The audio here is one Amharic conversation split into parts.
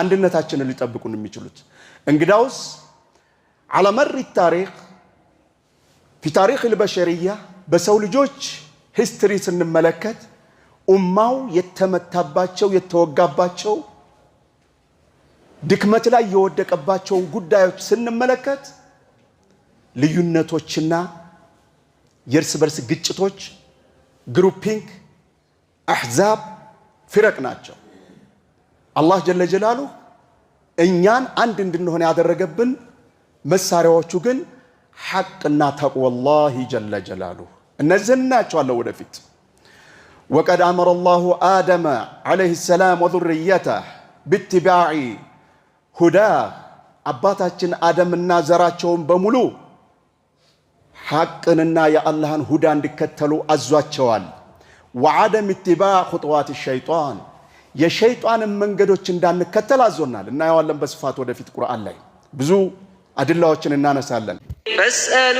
አንድነታችንን ሊጠብቁን የሚችሉት። እንግዳውስ አላ ታሪክ ፊ ታሪክ ልበሸርያ በሰው ልጆች ሂስትሪ ስንመለከት ኡማው የተመታባቸው የተወጋባቸው ድክመት ላይ የወደቀባቸውን ጉዳዮች ስንመለከት ልዩነቶችና የእርስ በርስ ግጭቶች፣ ግሩፒንግ፣ አሕዛብ፣ ፊረቅ ናቸው። አላህ ጀለ ጀላሉ እኛን አንድ እንድንሆን ያደረገብን መሳሪያዎቹ ግን ሐቅና ተቅወላሂ ጀለ ጀላሉ እነዚህን እናያቸዋለን ወደፊት። ወቀድ አመረ ላሁ አደመ ዓለይሂ ሰላም ወዙርየተህ ብትባዒ ሁዳ አባታችን አደምና ዘራቸውን በሙሉ ሐቅንና የአላህን ሁዳ እንዲከተሉ አዟቸዋል። ወዓደም ኢትባዕ ኹጥዋት ሸይጣን የሸይጣንን መንገዶች እንዳንከተል አዞናል። እናየዋለን በስፋት ወደፊት ቁርአን ላይ ብዙ አድላዎችን እናነሳለን። ፈስአሉ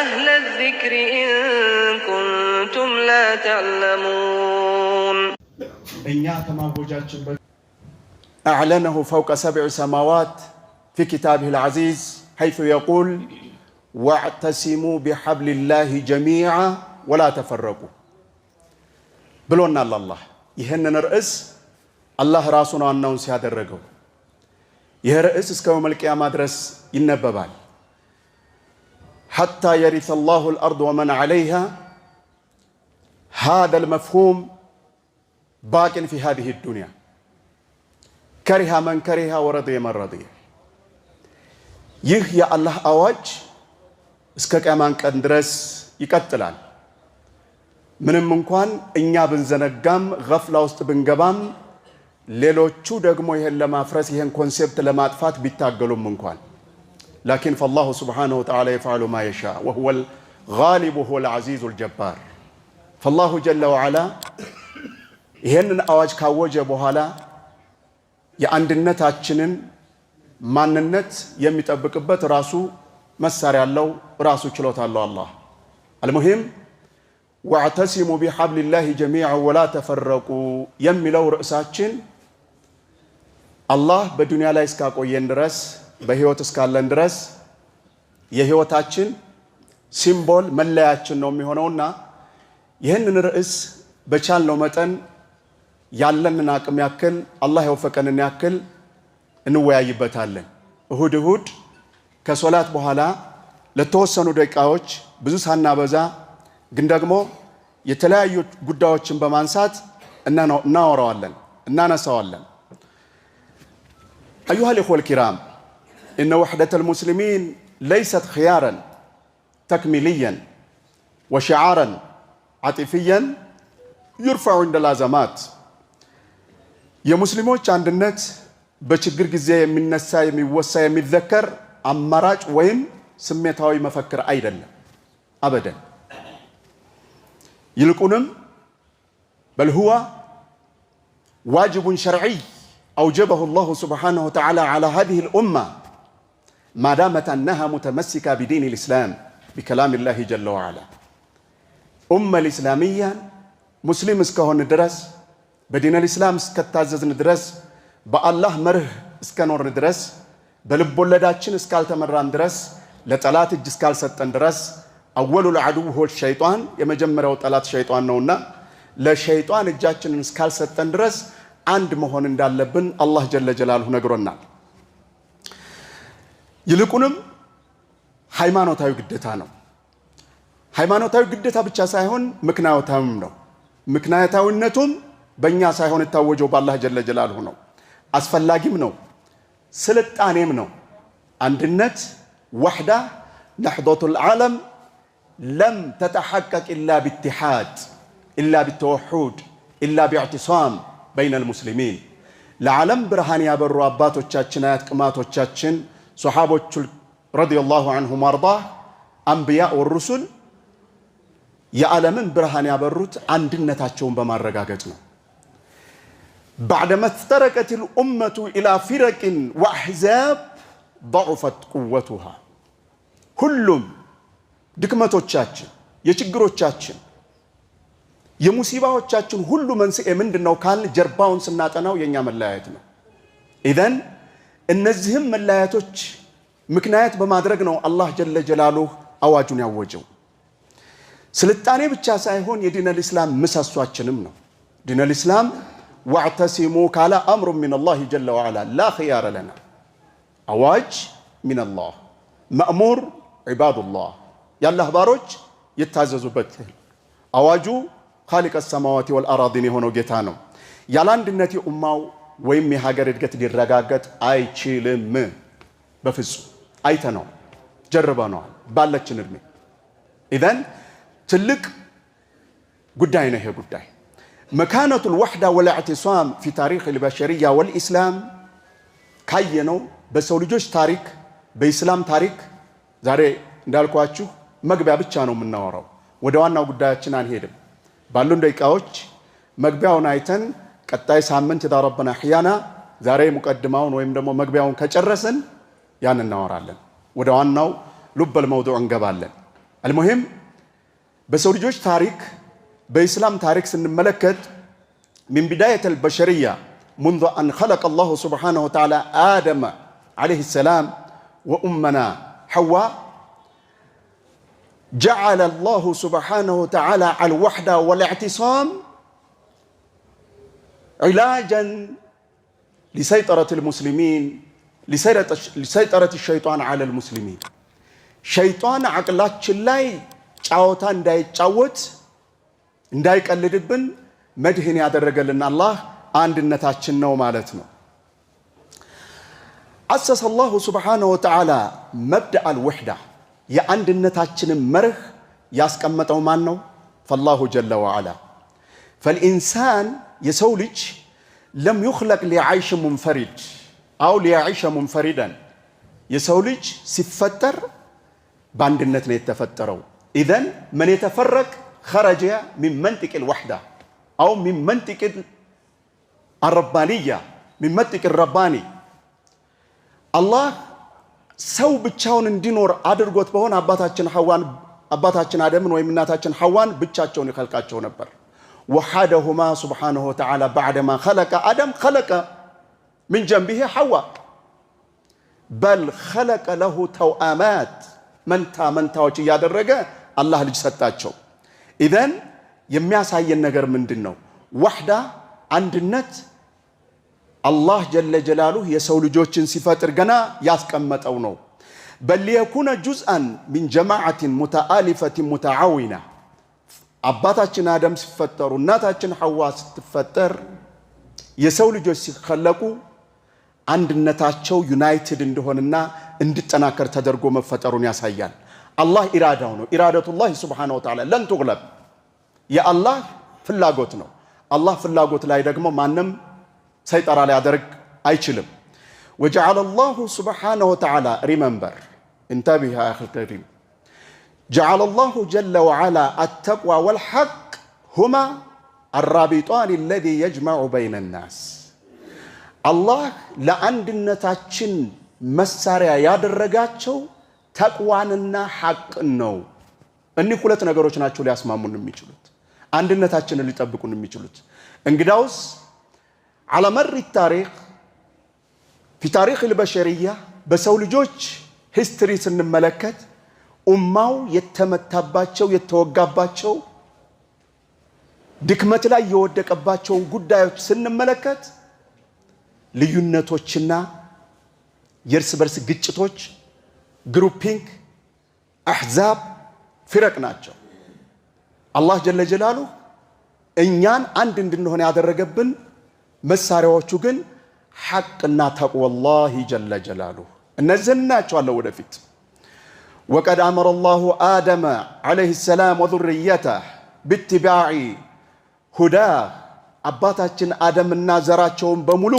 አህለ ዚክሪ ኢን ኩንቱም ላ ተዕለሙን። እኛ ከማወጃችንበት አዕለነሁ ፈውቀ ሰብዕ ሰማዋት ፊ ኪታብህ ልዓዚዝ ሐይቱ የቁል ወዕተሲሙ ቢሐብልላህ ጀሚዓ ወላ ተፈረቁ ብሎናል አላህ يهنن رئيس الله راسونا أنهم سيادة رجعوا يه رئيس اسكوا ملكي أمادرس ينببال حتى يرث الله الأرض ومن عليها هذا المفهوم باق في هذه الدنيا كره من كره ورضي من رضي يه يا الله أوج اسكك أمانك أندرس يكتلان ምንም እንኳን እኛ ብንዘነጋም ገፍላ ውስጥ ብንገባም ሌሎቹ ደግሞ ይህን ለማፍረስ ይህን ኮንሴፕት ለማጥፋት ቢታገሉም እንኳን ላኪን ፈላሁ ስብሓነሁ ወተዓላ የፍዓሉ ማ የሻ ወሁወል ጋሊቡ ሁወል ዓዚዙል ጀባር። ፈላሁ ጀለ ወዓላ ይህንን አዋጅ ካወጀ በኋላ የአንድነታችንን ማንነት የሚጠብቅበት ራሱ መሳሪያ አለው፣ ራሱ ችሎታ አለው አላህ አልሙሂም ወዕተሲሙ ቢሐብሊላሂ ጀሚዐን ወላ ተፈረቁ የሚለው ርዕሳችን አላህ በዱንያ ላይ እስካቆየን ድረስ በህይወት እስካለን ድረስ የህይወታችን ሲምቦል መለያችን ነው የሚሆነውና ይህንን ርዕስ በቻልነው መጠን ያለንን አቅም ያክል አላህ የወፈቀንን ያክል እንወያይበታለን። እሁድ እሁድ ከሶላት በኋላ ለተወሰኑ ደቂቃዎች ብዙ ሳናበዛ ግን ደግሞ የተለያዩ ጉዳዮችን በማንሳት እናወራዋለን፣ እናነሳዋለን። አዩሃ ልኢኽወ ልኪራም እነ ውሕደት ልሙስሊሚን ለይሰት ክያረን ተክሚልየን ወሽዓረን ዓጢፍየን ዩርፋዑ ላዘማት የሙስሊሞች አንድነት በችግር ጊዜ የሚነሳ የሚወሳ የሚዘከር አማራጭ ወይም ስሜታዊ መፈክር አይደለም አበደን። ይልቁንም በል ዋጅቡን ሸርዒይ አውጀበሁ ላሁ ስብሓነሁ ወተዓላ ዓላ ሃዚሂል ኡማ ማዳመት አነሃ ሙተመሲካ ቢዲን ልእስላም ቢከላም ላህ ጀለ ወዓላ ኡመ ልእስላምያን ሙስሊም እስከሆን ድረስ በዲን ልእስላም እስከታዘዝን ድረስ በአላህ መርህ እስከኖርን ድረስ በልቦለዳችን እስካልተመራን ድረስ ለጠላት እጅ እስካልሰጠን ድረስ አወሉ ለአዱ ሆ ሸይጣን የመጀመሪያው ጠላት ሸይጣን ነውና ለሸይጣን እጃችንን እስካልሰጠን ድረስ አንድ መሆን እንዳለብን አላህ ጀለ ጀላልሁ ነግሮናል። ይልቁንም ሃይማኖታዊ ግዴታ ነው። ሃይማኖታዊ ግዴታ ብቻ ሳይሆን ምክንያታዊም ነው። ምክንያታዊነቱም በእኛ ሳይሆን የታወጀው በአላህ ጀለ ጀላልሁ ነው። አስፈላጊም ነው፣ ስልጣኔም ነው። አንድነት ወሕዳ ነሕዶቱል ዓለም ለም ተተሐቀቅ ኢላ ቢትሓድ ኢላ ቢተወሑድ ኢላ ቢዕትሳም በይነ ልሙስሊሚን ለዓለም ብርሃን ያበሩ አባቶቻችን አያት ቅማቶቻችን ሶሓቦቹ ረዲየላሁ አንሁም አርዳ አንብያ ወሩሱል የዓለምን ብርሃን ያበሩት አንድነታቸውን በማረጋገጥ ነው። ባዕደ መፍተረቀት ልኡመቱ ኢላ ፊረቅን ወአሕዛብ ضዑፈት ቁወቱሃ ሁሉም ድክመቶቻችን፣ የችግሮቻችን፣ የሙሲባዎቻችን ሁሉ መንስኤ ምንድን ነው ካልን ጀርባውን ስናጠናው የእኛ መለያየት ነው። ኢዘን እነዚህም መለያየቶች ምክንያት በማድረግ ነው አላህ ጀለ ጀላሉህ አዋጁን ያወጀው። ስልጣኔ ብቻ ሳይሆን የዲነል ኢስላም ምሰሷችንም ነው። ዲነል ኢስላም ዋዕተሲሙ ካለ አምሩ ሚነላህ ጀለ ዋዕላ ላ ኽያረ ለና አዋጅ ሚነላህ መእሙር ዒባዱላህ የአላህ ባሮች ይታዘዙበት። አዋጁ ኻሊቀ ሰማዋቲ ወልአራዲን የሆነው ጌታ ነው። ያለ አንድነት የኡማው ወይም የሀገር እድገት ሊረጋገጥ አይችልም። በፍጹም ጀርበ ጀርበነዋል ባለችን እድሜ። ኢዘን ትልቅ ጉዳይ ነው ይሄ ጉዳይ። መካነቱ ልዋሕዳ ወልዕትሳም ፊ ታሪክ ልበሸርያ ወልኢስላም ካየነው በሰው ልጆች ታሪክ በኢስላም ታሪክ ዛሬ እንዳልኳችሁ መግቢያ ብቻ ነው የምናወራው። ወደ ዋናው ጉዳያችን አንሄድም። ባሉን ደቂቃዎች መግቢያውን አይተን ቀጣይ ሳምንት ኢዛ ረበና ሕያና ዛሬ ሙቀድማውን ወይም ደግሞ መግቢያውን ከጨረስን ያን እናወራለን። ወደ ዋናው ሉበል መውዱዕ እንገባለን። አልሙሂም በሰው ልጆች ታሪክ በኢስላም ታሪክ ስንመለከት ሚን ቢዳየት አልበሸርያ ሙንዙ አን ኸለቀ አላሁ ስብሓነሁ ወተዓላ አደመ ዓለይሂ ሰላም ወኡመና ሐዋ جعل الله سبحانه وتعالى على الوحدة والاعتصام علاجا لسيطرة المسلمين لسيطرة الشيطان على المسلمين شيطان عقلات شلاي شاوتان داي شاوت ላይ ጫወታ እንዳይጫወት እንዳይቀልድብን መድህን ያደረገልን አላህ አንድነታችን ነው ማለት مالتنا أسس الله سبحانه وتعالى مبدأ الوحدة የአንድነታችንን መርህ ያስቀመጠው ማን ነው? ፈላሁ ጀለ ወዓላ። ፈልኢንሳን የሰው ልጅ ለም ዩኽለቅ ሊዓይሽ ሙንፈሪድ አው ሊያዒሸ ሙንፈሪደን የሰው ልጅ ሲፈጠር በአንድነት ነው የተፈጠረው። ኢዘን መን የተፈረቅ ኸረጀ ሚን መንጢቅ ልወሕዳ አው ሚን መንጢቅ አረባንያ ሚን መንጢቅ ረባኒ አላህ ሰው ብቻውን እንዲኖር አድርጎት በሆነ አባታችን ሐዋን አባታችን አደምን ወይም እናታችን ሐዋን ብቻቸውን ይኸልቃቸው ነበር። ወሓደሁማ ሱብሓነሁ ወተዓላ ባዕደማ ኸለቀ አደም ኸለቀ ምን ጀንቢሄ ሐዋ በል ኸለቀ ለሁ ተውአማት መንታ መንታዎች እያደረገ አላህ ልጅ ሰጣቸው። ኢዘን የሚያሳየን ነገር ምንድን ነው? ዋሕዳ አንድነት አላህ ጀለ ጀላሉህ የሰው ልጆችን ሲፈጥር ገና ያስቀመጠው ነው። በሊየኩነ ጁዝአን ሚን ጀማዓትን ሙተአሊፈትን ሙተዓዊና አባታችን አደም ሲፈጠሩ እናታችን ሐዋ ስትፈጠር የሰው ልጆች ሲከለቁ አንድነታቸው ዩናይትድ እንደሆነና እንዲጠናከር ተደርጎ መፈጠሩን ያሳያል። አላህ ኢራዳው ነው። ኢራደቱላህ ሱብሓነሁ ወተዓላ ለን ቱግለብ የአላህ ፍላጎት ነው። አላህ ፍላጎት ላይ ደግሞ ማንም ሳይጠራ ሊያደርግ አይችልም። ወጀዓለ ላሁ ስብሓነሁ ወተዓላ ሪመምበር እንተቢህ አኺል ከሪም ጀዓለ ላሁ ጀለ ወዓላ አተቅዋ ወልሐቅ ሁማ አራቢጣን ለዚ የጅመዑ በይነ ናስ። አላህ ለአንድነታችን መሳሪያ ያደረጋቸው ተቅዋንና ሐቅን ነው። እኒህ ሁለት ነገሮች ናቸው ሊያስማሙን የሚችሉት አንድነታችንን ሊጠብቁን የሚችሉት እንግዳውስ على مر التاريخ في تاريخ البشرية በሰው ልጆች ሂስትሪ ስንመለከት ኡማው የተመታባቸው የተወጋባቸው ድክመት ላይ የወደቀባቸውን ጉዳዮች ስንመለከት ልዩነቶችና የእርስ በርስ ግጭቶች፣ ግሩፒንግ፣ አሕዛብ፣ ፊረቅ ናቸው። አላህ ጀለ ጀላሉ እኛን አንድ እንድንሆን ያደረገብን መሳሪያዎቹ ግን ሐቅና ተቅወላሂ ጀለ ጀላሉ እነዚህን እናያቸዋለን ወደፊት። ወቀድ አመረ ላሁ አደመ ዓለይሂ ሰላም ወዙርየተ ብትባዒ ሁዳ አባታችን አደምና ዘራቸውን በሙሉ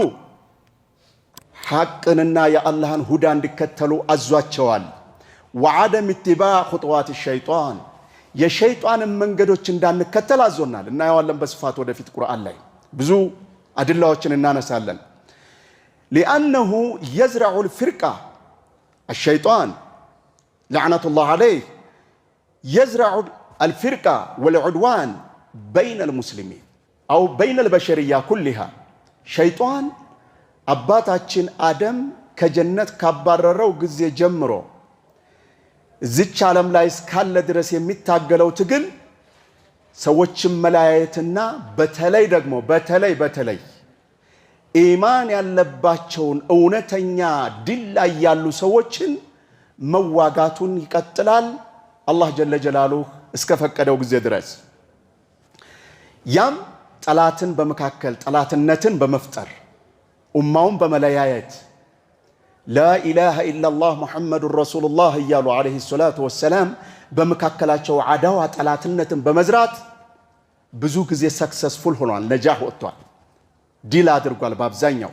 ሐቅንና የአላህን ሁዳ እንዲከተሉ አዟቸዋል። ወዓደም ኢትባዕ ኹጥዋት ሸይጣን የሸይጣንን መንገዶች እንዳንከተል አዞናል። እናየዋለን በስፋት ወደፊት ቁርአን ላይ ብዙ አድላዎችን እናነሳለን። ሊአነሁ የዝረዑ ልፊርቃ አሸይጣን ለዕነቱላህ ዓለይህ የዝረዑ አልፊርቃ ወልዑድዋን በይነ ልሙስሊሚን አው በይነ ልበሸርያ ኩሊሃ ሸይጣን አባታችን አደም ከጀነት ካባረረው ጊዜ ጀምሮ እዚች ዓለም ላይ እስካለ ድረስ የሚታገለው ትግል ሰዎችን መለያየትና በተለይ ደግሞ በተለይ በተለይ ኢማን ያለባቸውን እውነተኛ ድል ላይ ያሉ ሰዎችን መዋጋቱን ይቀጥላል። አላህ ጀለ ጀላሉህ እስከ ፈቀደው ጊዜ ድረስ ያም ጠላትን በመካከል ጠላትነትን በመፍጠር ኡማውን በመለያየት ላኢላሃ ኢላላህ ሙሐመዱን ረሱሉላህ እያሉ ዓለይሂ ሰላቱ ወሰላም በመካከላቸው አዳዋ ጠላትነትን በመዝራት ብዙ ጊዜ ሰክሰስፉል ሆኗል። ነጃህ ወጥቷል። ድል አድርጓል። በአብዛኛው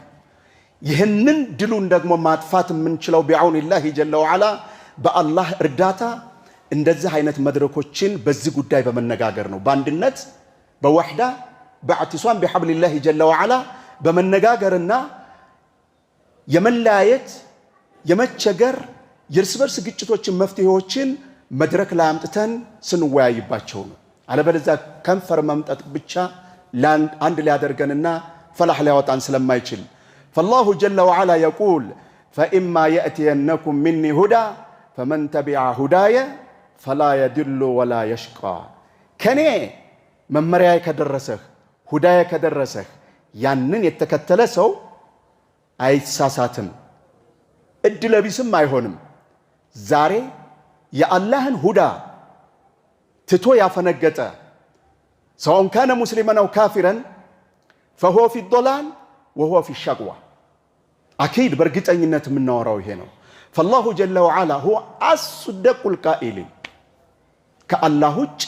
ይህንን ድሉን ደግሞ ማጥፋት የምንችለው ቢአውንላህ ጀለ ወዓላ በአላህ እርዳታ እንደዚህ አይነት መድረኮችን በዚህ ጉዳይ በመነጋገር ነው። በአንድነት በወሕዳ በአዕቲሷን ቢሐብሊላህ ጀለ ወዓላ በመነጋገርና የመለያየት የመቸገር የእርስ በርስ ግጭቶችን መፍትሄዎችን መድረክ ላይ አምጥተን ስንወያይባቸው ነው። አለበለዚያ ከንፈር መምጠጥ ብቻ አንድ ሊያደርገንና ፈላህ ሊያወጣን ስለማይችል ፈላሁ ጀለ ወዓላ የቁል ፈኢማ የእትየነኩም ሚኒ ሁዳ ፈመን ተቢዐ ሁዳየ ፈላ የድሉ ወላ የሽቃ ከኔ መመሪያ ከደረሰህ ሁዳየ ከደረሰህ ያንን የተከተለ ሰው አይሳሳትም፣ እድለቢስም አይሆንም። ዛሬ የአላህን ሁዳ ትቶ ያፈነገጠ ሰውን ካነ ሙስሊመን አው ካፊረን ፈሆ ፊ ዶላል ወሆ ፊ ሸቅዋ አኪድ በእርግጠኝነት የምናወራው ይሄ ነው። ፈላሁ ጀለ ወዓላ ሁ አሱደቁ ልቃኢሊን ከአላህ ውጭ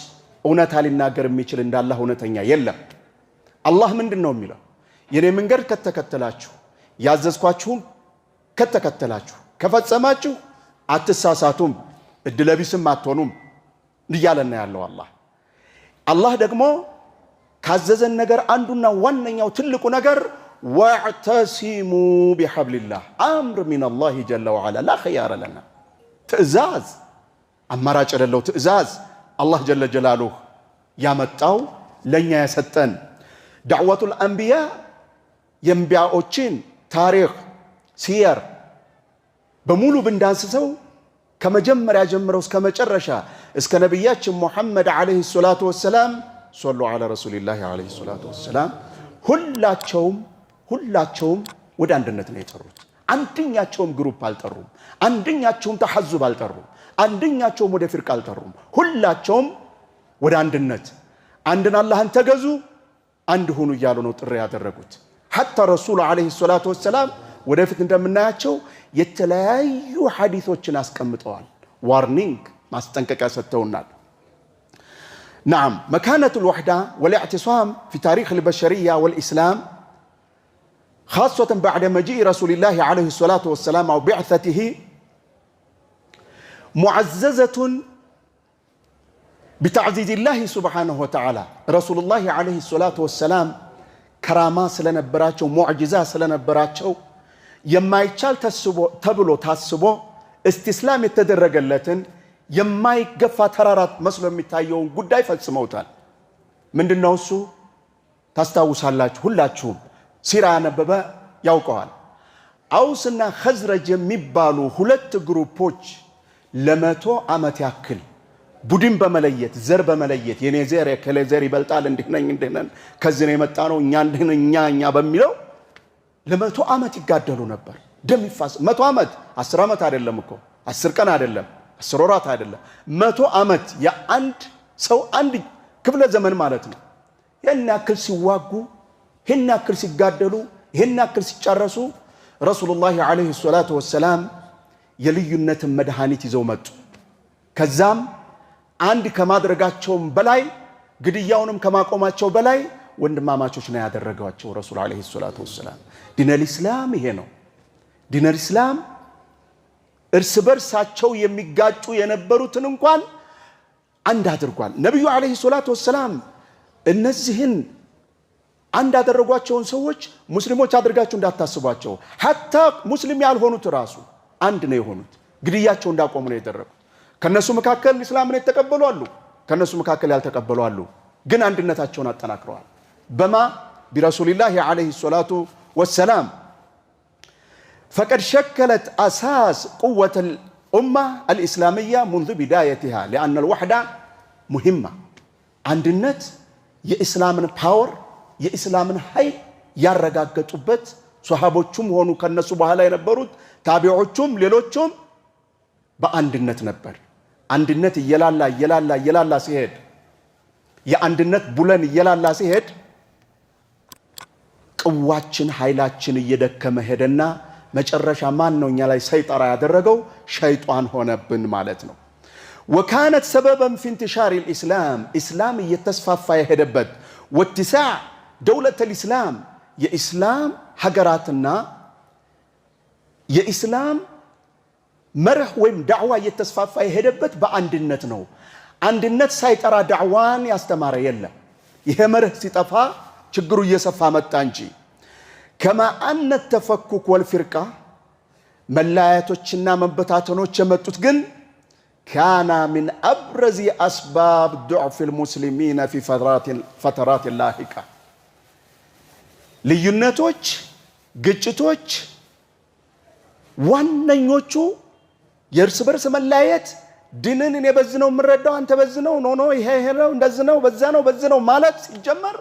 እውነታ ሊናገር የሚችል እንዳላህ እውነተኛ የለም። አላህ ምንድን ነው የሚለው? የኔ መንገድ ከተከተላችሁ ያዘዝኳችሁም ከተከተላችሁ ከፈጸማችሁ አትሳሳቱም እድለቢስም አትሆኑም እያለን ያለው አላህ አላህ ደግሞ ካዘዘን ነገር አንዱና ዋነኛው ትልቁ ነገር ወዕተሲሙ ቢሐብሊላህ አምር ሚነላሂ ጀለ ወዓላ ላ ኸያረ ለና ትእዛዝ አማራጭ የሌለው ትእዛዝ አላህ ጀለ ጀላሉህ ያመጣው ለእኛ የሰጠን ዳዕወቱል አንቢያ የእንቢያዎችን ታሪክ ሲየር በሙሉ ብንዳንስሰው ከመጀመሪያ ጀምረው እስከ መጨረሻ እስከ ነቢያችን ሙሐመድ ዓለይሂ ሰላቱ ወሰላም ሶሉ ዓላ ረሱሊላህ ዓለይሂ ሰላቱ ወሰላም ሁላቸውም ሁላቸውም ወደ አንድነት ነው የጠሩት። አንድኛቸውም ግሩፕ አልጠሩም። አንድኛቸውም ተሐዙብ አልጠሩም። አንድኛቸውም ወደ ፊርቅ አልጠሩም። ሁላቸውም ወደ አንድነት አንድን አላህን ተገዙ፣ አንድ ሁኑ እያሉ ነው ጥሪ ያደረጉት። ሐታ ረሱሉ ዓለይሂ ሰላቱ ወሰላም ወደፊት እንደምናያቸው የተለያዩ ሐዲቶችን አስቀምጠዋል። ዋርኒንግ ማስጠንቀቂያ ሰጥተውናል። ናም መካነት ልዋሕዳ ወልእዕትሳም ፊ ታሪክ ልበሸርያ ወልእስላም ካሶተን ባዕደ መጂኢ ረሱልላህ ዓለይሂ ሰላቱ ወሰላም አው ብዕተትህ ሙዓዘዘቱን ቢተዕዚዝላህ ስብሓነሁ ወተዓላ ረሱሉላህ ዓለይሂ ሰላቱ ወሰላም ከራማ ስለነበራቸው ሙዕጅዛ ስለነበራቸው የማይቻል ተብሎ ታስቦ እስቲስላም የተደረገለትን የማይገፋ ተራራ መስሎ የሚታየውን ጉዳይ ፈጽመውታል። ምንድነው እሱ? ታስታውሳላችሁ ሁላችሁም ሲራ ያነበበ ያውቀዋል። አውስና ኸዝረጅ የሚባሉ ሁለት ግሩፖች ለመቶ ዓመት ያክል ቡድን በመለየት ዘር በመለየት የኔ ዘር የከሌ ዘር ይበልጣል፣ እንዲህ ነኝ እንዲህ ነን፣ ከዚህ ነው የመጣ ነው እኛ እንዲህ እኛ እኛ በሚለው ለመቶ ዓመት ይጋደሉ ነበር። ደም ይፋስ መቶ ዓመት አስር ዓመት አይደለም እኮ አስር ቀን አይደለም አስር ወራት አይደለም፣ መቶ ዓመት የአንድ ሰው አንድ ክፍለ ዘመን ማለት ነው። ይህን ያክል ሲዋጉ፣ ይህን ያክል ሲጋደሉ፣ ይህን ያክል ሲጨረሱ ረሱሉላህ ዓለይሂ ሰላቱ ወሰላም የልዩነትን መድኃኒት ይዘው መጡ። ከዛም አንድ ከማድረጋቸውም በላይ ግድያውንም ከማቆማቸው በላይ ወንድማማቾች ነው ያደረጓቸው ረሱል ዓለይሂ ሰላቱ ወሰላም። ዲነል ኢስላም ይሄ ነው። ዲነል ኢስላም እርስ በርሳቸው የሚጋጩ የነበሩትን እንኳን አንድ አድርጓል። ነቢዩ ዓለይሂ ሰላቱ ወሰላም እነዚህን አንድ ያደረጓቸውን ሰዎች ሙስሊሞች አድርጋችሁ እንዳታስቧቸው። ሐታ ሙስሊም ያልሆኑት ራሱ አንድ ነው የሆኑት። ግድያቸው እንዳቆሙ ነው የደረጉት። ከነሱ መካከል ኢስላምን የተቀበሉ አሉ፣ ከነሱ መካከል ያልተቀበሉ አሉ። ግን አንድነታቸውን አጠናክረዋል። በማ ቢረሱልላህ ዓለይሂ ሰላቱ ወሰላም ፈቀድ ሸከለት አሳስ ቁወት ልኡማ አልኢስላምያ ሙንዙ ቢዳየትሃ ሊአነ ልዋሕዳ ሙሂማ አንድነት የኢስላምን ፓወር የኢስላምን ኃይል ያረጋገጡበት ሶሃቦቹም ሆኑ ከነሱ በኋላ የነበሩት ታቢዖቹም ሌሎቹም በአንድነት ነበር። አንድነት እየላላ እየላላ እየላላ ሲሄድ የአንድነት ቡለን እየላላ ሲሄድ ቅዋችን ኃይላችን እየደከመ ሄደና መጨረሻ ማን ነው እኛ ላይ ሰይጠራ ያደረገው? ሸይጧን ሆነብን ማለት ነው። ወካነት ሰበበን ፊ ኢንትሻር ልእስላም ኢስላም እየተስፋፋ የሄደበት ወትሳዕ ደውለት ልእስላም የኢስላም ሀገራትና የኢስላም መርህ ወይም ዳዕዋ እየተስፋፋ የሄደበት በአንድነት ነው። አንድነት ሳይጠራ ዳዕዋን ያስተማረ የለም። ይሄ መርህ ሲጠፋ ችግሩ እየሰፋ መጣ እንጂ ከማአነት ተፈኩክ ወልፊርቃ መለያየቶችና መበታተኖች የመጡት ግን ካና ሚን አብረዚ አስባብ ዱዕፍ ልሙስሊሚነ ፊ ፈተራት ላሂቃ ልዩነቶች፣ ግጭቶች ዋነኞቹ የእርስ በርስ መለያየት ድንን እኔ በዝነው የምረዳው አንተ በዝነው ኖኖ ይሄ ይሄ ነው እንደዝነው በዛ ነው በዝነው ማለት ሲጀመር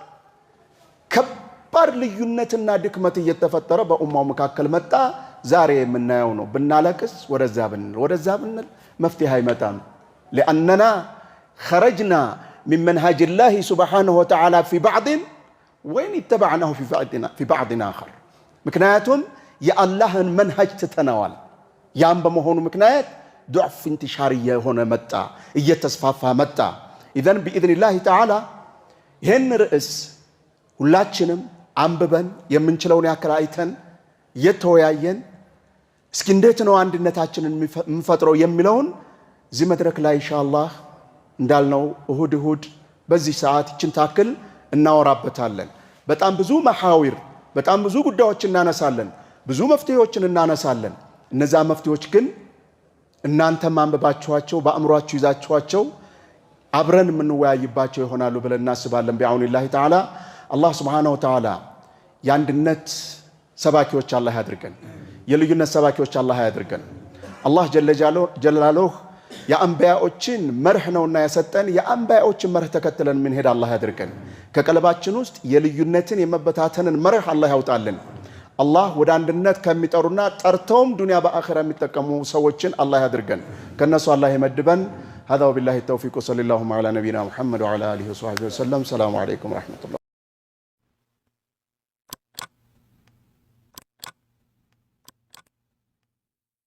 ከባድ ልዩነትና ድክመት እየተፈጠረ በኡማው መካከል መጣ። ዛሬ የምናየው ነው። ብናለቅስ ወደዛ ብንል ወደዛ ብንል መፍትሄ አይመጣም። ሊአነና ኸረጅና ሚን መንሃጅላሂ ሱብሓነሁ ወተዓላ ፊ ባዕድን ወይን ይተባዕናሁ ፊ ባዕድን አኸር። ምክንያቱም የአላህን መንሃጅ ትተነዋል። ያም በመሆኑ ምክንያት ዱዕፍ ኢንትሻር እየሆነ መጣ፣ እየተስፋፋ መጣ። ኢዘን ቢኢዝኒላሂ ተዓላ ይህን ርዕስ ሁላችንም አንብበን የምንችለውን ያክል አይተን እየተወያየን እስኪ እንዴት ነው አንድነታችንን የምንፈጥረው የሚለውን እዚህ መድረክ ላይ ኢንሻአላህ እንዳልነው እሁድ እሁድ በዚህ ሰዓት ይችን ታክል እናወራበታለን። በጣም ብዙ መሐዊር፣ በጣም ብዙ ጉዳዮች እናነሳለን፣ ብዙ መፍትሄዎችን እናነሳለን። እነዛ መፍትሄዎች ግን እናንተም አንብባችኋቸው በአእምሯችሁ ይዛችኋቸው አብረን የምንወያይባቸው ይሆናሉ ብለን እናስባለን ቢአውኒላሂ ተዓላ አላህ ስብሓነሁ ወተዓላ የአንድነት ሰባኪዎች አላህ ያድርገን። የልዩነት ሰባኪዎች አላህ ያድርገን። አላህ ጀለላሁ የአንበያዎችን መርህ ነውና የሰጠን የአንበያዎችን መርህ ተከትለን የምንሄድ አላህ ያድርገን። ከቀለባችን ውስጥ የልዩነትን የመበታተንን መርህ አላህ ያውጣልን። አላህ ወደ አንድነት ከሚጠሩና ጠርተውም ዱንያ በአኺራ የሚጠቀሙ ሰዎችን አላህ ያድርገን። ከእነሱ አላህ ይመድበን። هذا وبالله التوفيق صلى الله على ሙሐመድ محمد وعلى آله ወሰለም وسلم السلام عليكم